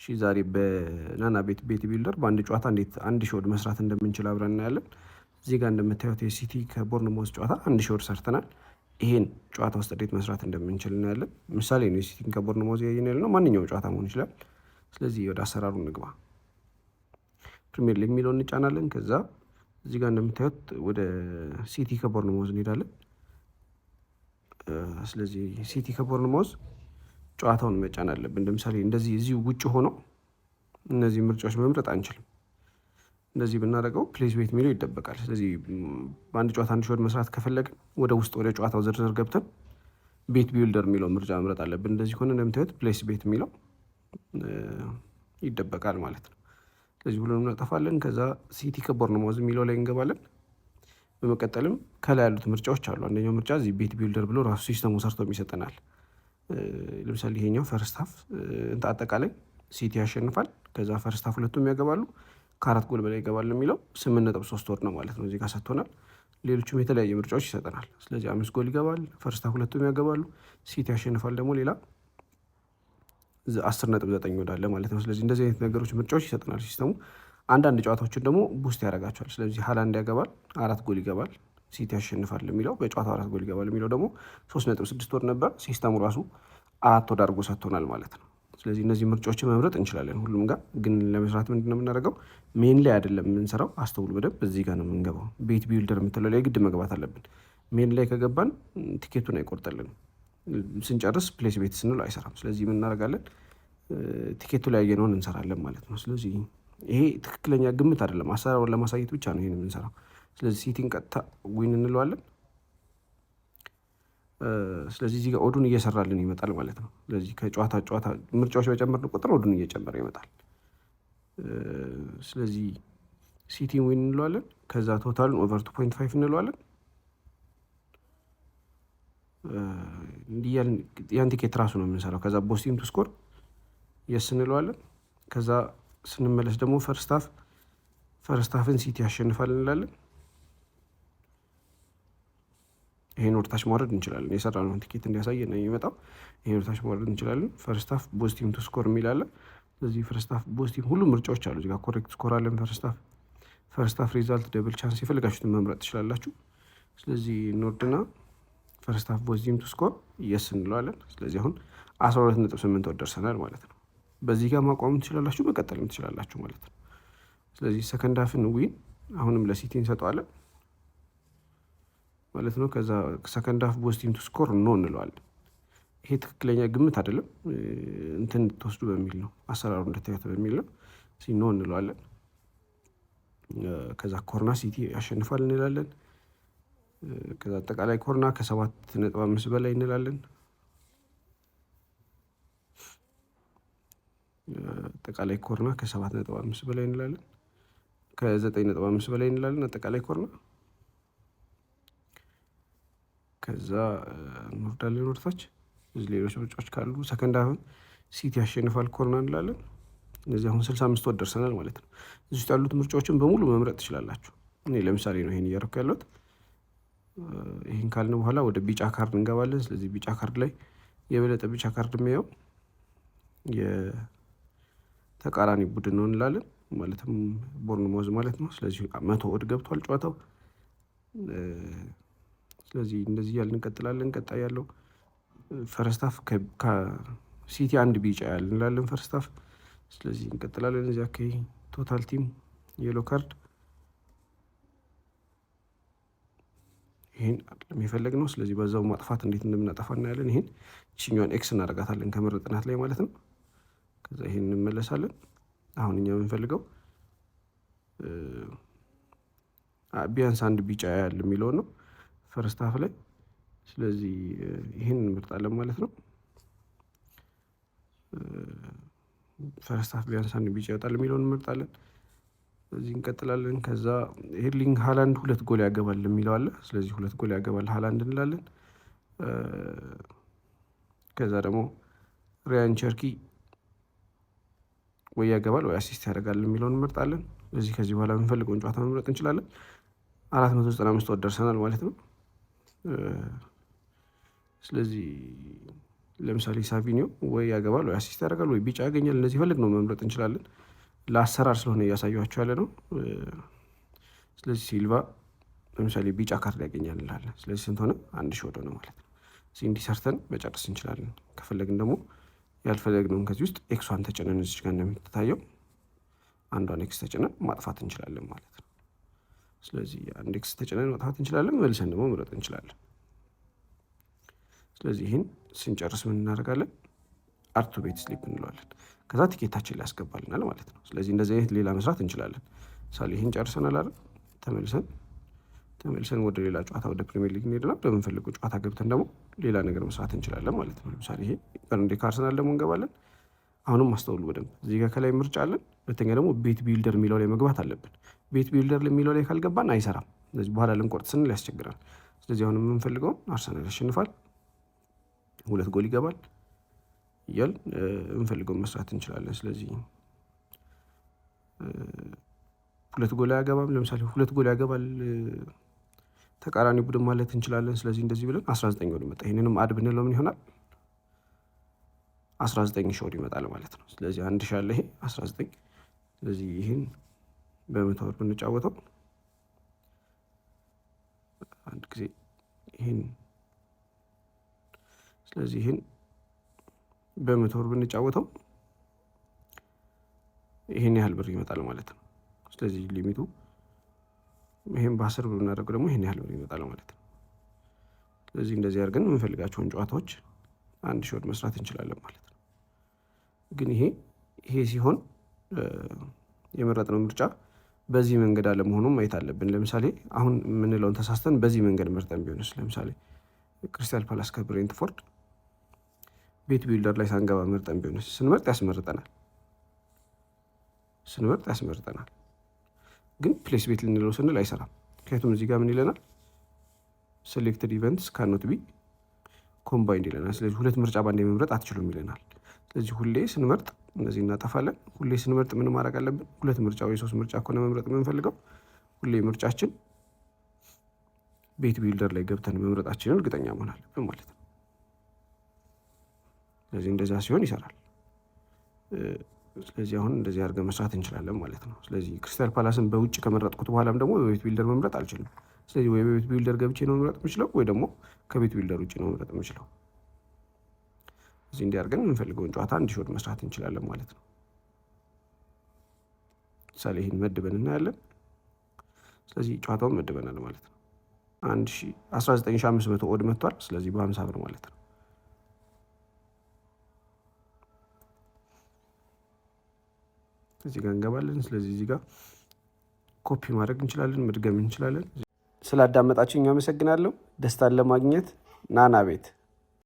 እሺ ዛሬ በናና ቤት ቤት ቢልደር በአንድ ጨዋታ እንዴት አንድ ሺህ ወድ መስራት እንደምንችል አብረን እናያለን። እዚህ ጋር እንደምታዩት የሲቲ ከቦርንሞዝ ጨዋታ አንድ ሺህ ወድ ሰርተናል። ይሄን ጨዋታ ውስጥ እንዴት መስራት እንደምንችል እናያለን። ምሳሌ ነው፣ የሲቲን ከቦርንሞዝ ያየን ያለ ነው። ማንኛውም ጨዋታ መሆን ይችላል። ስለዚህ ወደ አሰራሩ እንግባ። ፕሪሚየር ሊግ የሚለውን እንጫናለን። ከዛ እዚህ ጋር እንደምታዩት ወደ ሲቲ ከቦርንሞዝ እንሄዳለን። ስለዚህ ሲቲ ከቦርንሞዝ ጨዋታውን መጫን አለብን። ለምሳሌ እንደዚህ እዚሁ ውጭ ሆኖ እነዚህ ምርጫዎች መምረጥ አንችልም። እንደዚህ ብናደርገው ፕሌስ ቤት የሚለው ይደበቃል። ስለዚህ በአንድ ጨዋታ አንድ ሾድ መስራት ከፈለግን ወደ ውስጥ ወደ ጨዋታው ዝርዝር ገብተን ቤት ቢውልደር የሚለው ምርጫ መምረጥ አለብን። እንደዚህ ከሆነ እንደምታዩት ፕሌስ ቤት የሚለው ይደበቃል ማለት ነው። ስለዚህ ሁሉንም እናጠፋለን። ከዛ ሲቲ ከቦርንማውዝ የሚለው ላይ እንገባለን። በመቀጠልም ከላይ ያሉት ምርጫዎች አሉ። አንደኛው ምርጫ እዚህ ቤት ቢውልደር ብሎ ራሱ ሲስተሙ ሰርቶ ይሰጠናል። ለምሳሌ ይሄኛው ፈርስታፍ አጠቃላይ ሲቲ ያሸንፋል። ከዛ ፈርስታፍ ሁለቱም ያገባሉ ከአራት ጎል በላይ ይገባል የሚለው ስምንት ነጥብ ሶስት ወር ነው ማለት ነው። እዚህ ጋር ሰጥቶናል። ሌሎችም የተለያየ ምርጫዎች ይሰጠናል። ስለዚህ አምስት ጎል ይገባል፣ ፈርስታፍ ሁለቱም ያገባሉ፣ ሲቲ ያሸንፋል ደግሞ ሌላ አስር ነጥብ ዘጠኝ ወዳለ ማለት ነው። ስለዚህ እንደዚህ አይነት ነገሮች ምርጫዎች ይሰጠናል ሲስተሙ። አንዳንድ ጨዋታዎችን ደግሞ ቡስት ያደርጋቸዋል። ስለዚህ ሀላንድ ያገባል፣ አራት ጎል ይገባል ሲቲ ያሸንፋል የሚለው በጨዋታ አራት ጎል ይገባል የሚለው ደግሞ ሶስት ነጥብ ስድስት ወር ነበር። ሲስተሙ ራሱ አራት ወር አድርጎ ሰጥቶናል ማለት ነው። ስለዚህ እነዚህ ምርጫዎችን መምረጥ እንችላለን ሁሉም ጋር ግን ለመስራት ምንድነው የምናደርገው? ሜን ላይ አይደለም የምንሰራው። አስተውሉ በደንብ እዚህ ጋር ነው የምንገባው። ቤት ቢውልደር የምትለው ላይ ግድ መግባት አለብን። ሜን ላይ ከገባን ቲኬቱን አይቆርጠልንም። ስንጨርስ ፕሌስ ቤት ስንል አይሰራም። ስለዚህ የምናደርጋለን እናደርጋለን? ቲኬቱ ላይ ያየነውን እንሰራለን ማለት ነው። ስለዚህ ይሄ ትክክለኛ ግምት አይደለም። አሰራሩን ለማሳየት ብቻ ነው ይሄን የምንሰራው። ስለዚህ ሲቲን ቀጥታ ዊን እንለዋለን። ስለዚህ እዚህ ጋር ኦዱን እየሰራልን ይመጣል ማለት ነው። ስለዚህ ከጨዋታ ጨዋታ ምርጫዎች በጨመርን ቁጥር ኦዱን እየጨመረ ይመጣል። ስለዚህ ሲቲን ዊን እንለዋለን። ከዛ ቶታሉን ኦቨር ቱ ፖይንት ፋይቭ እንለዋለን። ያን ቲኬት ራሱ ነው የምንሰራው። ከዛ ቦስቲም ቱ ስኮር የስ እንለዋለን። ከዛ ስንመለስ ደግሞ ፈርስት ሀፍ ፈርስት ሀፍን ሲቲ ያሸንፋል እንላለን። ይሄን ወርታች ማውረድ እንችላለን። የሰራነውን ቲኬት እንዲያሳየ ነው የሚመጣው። ይሄን ወርታች ማውረድ እንችላለን። ፈርስት ሀፍ ፖዚቲቭ ቱ ስኮር የሚላለ ስለዚህ ሀፍ ፖዚቲቭ ሁሉ ምርጫዎች አሉ። እዚጋ ኮሬክት ስኮር አለን። ፈርስት ሀፍ ፈርስት ሀፍ ሪዛልት ደብል ቻንስ የፈለጋችሁትን መምረጥ ትችላላችሁ። ስለዚህ ኖርድና ፈርስት ሀፍ ፖዚቲቭ ቱ ስኮር የስ እንለዋለን። ስለዚህ አሁን አስራ ሁለት ነጥብ ስምንት ወር ማለት ነው። በዚህ ጋር ማቋም ትችላላችሁ፣ መቀጠልም ትችላላችሁ ማለት ነው። ስለዚህ ሰከንድ ሀፍን ዊን አሁንም ለሲቲ እንሰጠዋለን። ማለት ነው። ከዛ ሰከንድ ሀፍ ቦዝ ቲም ቱ ስኮር ኖ እንለዋለን። ይሄ ትክክለኛ ግምት አይደለም፣ እንትን እንድትወስዱ በሚል ነው አሰራሩ እንደተከተ በሚል ነው ሲ ኖ እንለዋለን። ከዛ ኮርና ሲቲ ያሸንፋል እንላለን። ከዛ አጠቃላይ ኮርና ከሰባት ነጥብ አምስት በላይ እንላለን። አጠቃላይ ኮርና ከሰባት ነጥብ አምስት በላይ እንላለን። ከዘጠኝ ነጥብ አምስት በላይ እንላለን። አጠቃላይ ኮርና ከዛ እንወርዳለን ወደታች። እዚህ ሌሎች ምርጫዎች ካሉ ሰከንድ አሁን ሲቲ ያሸንፋል ኮርና እንላለን። እነዚህ አሁን ስልሳ አምስት ወት ደርሰናል ማለት ነው። እዚህ ውስጥ ያሉት ምርጫዎችን በሙሉ መምረጥ ትችላላችሁ። እኔ ለምሳሌ ነው ይሄን እያረኩ ያለሁት። ይህን ካልን በኋላ ወደ ቢጫ ካርድ እንገባለን። ስለዚህ ቢጫ ካርድ ላይ የበለጠ ቢጫ ካርድ የሚያየው የተቃራኒ ቡድን ነው እንላለን። ማለትም ቦርንማውዝ ማለት ነው። ስለዚህ መቶ ወድ ገብቷል ጨዋታው ስለዚህ እንደዚህ እያልን እንቀጥላለን። ቀጣይ ያለው ፈረስታፍ ከሲቲ አንድ ቢጫ ያል እንላለን ፈረስታፍ። ስለዚህ እንቀጥላለን። እዚያ ቶታል ቲም የሎ ካርድ ይሄን የፈለግ ነው። ስለዚህ በዛው ማጥፋት እንዴት እንደምናጠፋ እናያለን። ይህን ችኛዋን ኤክስ እናደርጋታለን ከመረጥናት ላይ ማለት ነው። ከዛ ይህን እንመለሳለን። አሁን እኛ የምንፈልገው ቢያንስ አንድ ቢጫ ያል የሚለውን ነው። ፈርስት ሀፍ ላይ። ስለዚህ ይህን እንመርጣለን ማለት ነው። ፈርስት ሀፍ ቢያንስ አንድ ቢጫ ይወጣል የሚለውን እንመርጣለን። ስለዚህ እንቀጥላለን። ከዛ ኤርሊንግ ሀላንድ ሁለት ጎል ያገባል የሚለው አለ። ስለዚህ ሁለት ጎል ያገባል ሀላንድ እንላለን። ከዛ ደግሞ ሪያን ቸርኪ ወይ ያገባል ወይ አሲስት ያደርጋል የሚለውን እንመርጣለን። ስለዚህ ከዚህ በኋላ የምንፈልገውን ጨዋታ መምረጥ እንችላለን። አራት መቶ ዘጠና አምስት ወደርሰናል ደርሰናል ማለት ነው። ስለዚህ ለምሳሌ ሳቪኒዮ ወይ ያገባል ወይ አሲስት ያደርጋል ወይ ቢጫ ያገኛል። እነዚህ ፈለግ ነው መምረጥ እንችላለን። ለአሰራር ስለሆነ እያሳየኋቸው ያለ ነው። ስለዚህ ሲልቫ ለምሳሌ ቢጫ ካርድ ያገኛል እንላለን። ስለዚህ ስንት ሆነ? አንድ ሺ ወደ ነው ማለት ነው። እንዲሰርተን መጨረስ እንችላለን። ከፈለግን ደግሞ ያልፈለግነውን ከዚህ ውስጥ ኤክሷን ተጭነን እዚች ጋር እንደምትታየው አንዷን ኤክስ ተጭነን ማጥፋት እንችላለን ማለት ነው። ስለዚህ አንድ ኤክስ ተጭነን መጥፋት እንችላለን፣ መልሰን ደግሞ መምረጥ እንችላለን። ስለዚህ ይህን ስንጨርስ ምን እናደርጋለን? አርቱ ቤት ስሊፕ እንለዋለን። ከዛ ቲኬታችን ላይ ያስገባልናል ማለት ነው። ስለዚህ እንደዚህ አይነት ሌላ መስራት እንችላለን። ምሳሌ ይህን ጨርሰናል አይደል? ተመልሰን ተመልሰን ወደ ሌላ ጨዋታ ወደ ፕሪሚየር ሊግ እንሄድና በምንፈልገው ጨዋታ ገብተን ደግሞ ሌላ ነገር መስራት እንችላለን ማለት ነው። ለምሳሌ ይሄ በርንዴ ካርሰናል ደግሞ እንገባለን። አሁንም ማስተውሉ በደንብ እዚህ ጋር ከላይ ምርጫ አለን። ሁለተኛ ደግሞ ቤት ቢልደር የሚለው ላይ መግባት አለብን። ቤት ቢልደር የሚለው ላይ ካልገባን አይሰራም። ስለዚህ በኋላ ልንቆርጥ ስንል ያስቸግራል። ስለዚህ አሁን የምንፈልገው አርሰናል ያሸንፋል፣ ሁለት ጎል ይገባል እያል የምንፈልገውን መስራት እንችላለን። ስለዚህ ሁለት ጎል አያገባም፣ ለምሳሌ ሁለት ጎል ያገባል ተቃራኒ ቡድን ማለት እንችላለን። ስለዚህ እንደዚህ ብለን 19 ሆኖ ይመጣ ይህንንም አድ ብንለው ምን ይሆናል? 19 ሺህ ሆኖ ይመጣል ማለት ነው። ስለዚህ አንድ ሺህ አለ፣ ይሄ 19 ስለዚህ ይህን በመቶ ብንጫወተው አንድ ጊዜ ይህን ስለዚህ ይህን በመቶ ብንጫወተው ይህን ያህል ብር ይመጣል ማለት ነው። ስለዚህ ሊሚቱ ይህም በአስር ብር ብናደርገው ደግሞ ይህን ያህል ብር ይመጣል ማለት ነው። ስለዚህ እንደዚህ አድርገን የምንፈልጋቸውን ጨዋታዎች አንድ ሺህ መስራት እንችላለን ማለት ነው። ግን ይሄ ይሄ ሲሆን የመረጥነው ምርጫ በዚህ መንገድ አለመሆኑ ማየት አለብን። ለምሳሌ አሁን የምንለውን ተሳስተን በዚህ መንገድ መርጠን ቢሆንስ? ለምሳሌ ክሪስታል ፓላስ ከብሬንትፎርድ ቤት ቢልደር ላይ ሳንገባ መርጠን ቢሆንስ? ስንመርጥ ያስመርጠናል፣ ስንመርጥ ያስመርጠናል። ግን ፕሌስ ቤት ልንለው ስንል አይሰራም። ምክንያቱም እዚህ ጋር ምን ይለናል? ሴሌክትድ ኢቨንትስ ካኖት ቢ ኮምባይንድ ይለናል። ስለዚህ ሁለት ምርጫ ባንዴ መምረጥ አትችሉም ይለናል። ስለዚህ ሁሌ ስንመርጥ እነዚህ እናጠፋለን። ሁሌ ስንመርጥ ምን ማድረግ አለብን? ሁለት ምርጫ ወይ ሶስት ምርጫ ከሆነ መምረጥ የምንፈልገው ሁሌ ምርጫችን ቤት ቢልደር ላይ ገብተን መምረጣችንን እርግጠኛ መሆን አለብን ማለት ነው። ስለዚህ እንደዛ ሲሆን ይሰራል። ስለዚህ አሁን እንደዚህ አድርገን መስራት እንችላለን ማለት ነው። ስለዚህ ክሪስታል ፓላስን በውጭ ከመረጥኩት በኋላም ደግሞ በቤት ቢልደር መምረጥ አልችልም። ስለዚህ ወይ በቤት ቢልደር ገብቼ ነው መምረጥ የምችለው ወይ ደግሞ ከቤት ቢልደር ውጭ ነው መምረጥ የምችለው። እዚህ እንዲያርገን የምንፈልገውን ጨዋታ እንዲሾድ መስራት እንችላለን ማለት ነው። ምሳሌ ይህን መድበን እናያለን። ስለዚህ ጨዋታውን መድበናል ማለት ነው። 19500 ኦድ መጥቷል። ስለዚህ በ50 ብር ማለት ነው። እዚህ ጋር እንገባለን። ስለዚህ እዚህ ጋር ኮፒ ማድረግ እንችላለን፣ መድገም እንችላለን። ስላዳመጣችሁ እኛ አመሰግናለሁ። ደስታን ለማግኘት ናና ቤት